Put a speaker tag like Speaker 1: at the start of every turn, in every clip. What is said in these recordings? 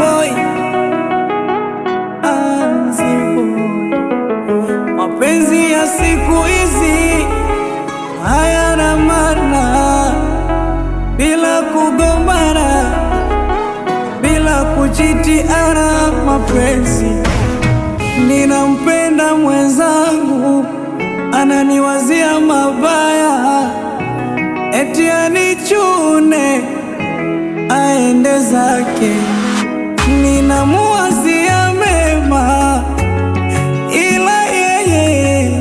Speaker 1: boy, mapenzi ya siku hizi hayana maana bila kugombana, bila kuchitiana. Mapenzi ninampenda mwenzangu, ananiwazia mabaya, eti anichune aende zake namuwazia mema, ila yeye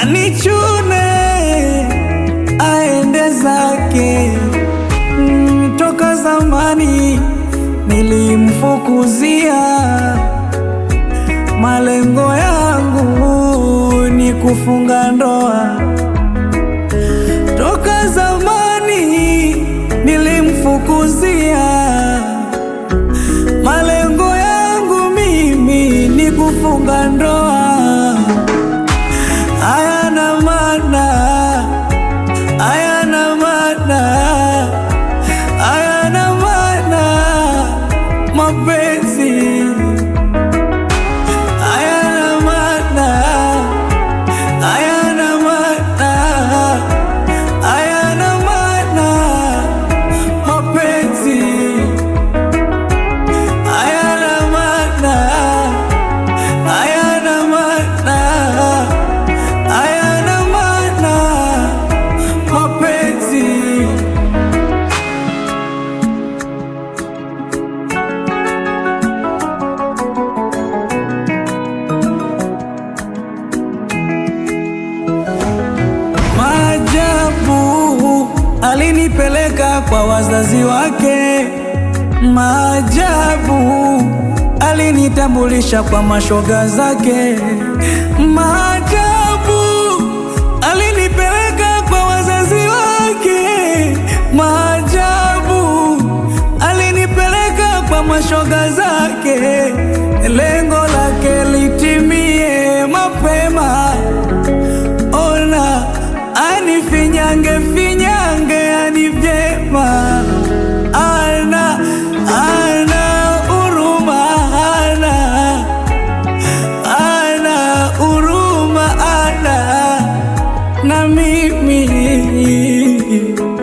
Speaker 1: anichune aende zake. Mm, toka zamani nilimfukuzia, malengo yangu ni kufunga ndoa alinipeleka kwa wazazi wake maajabu, alinitambulisha kwa mashoga zake maajabu, alinipeleka kwa wazazi wake maajabu, alinipeleka kwa mashoga zake lengo keep me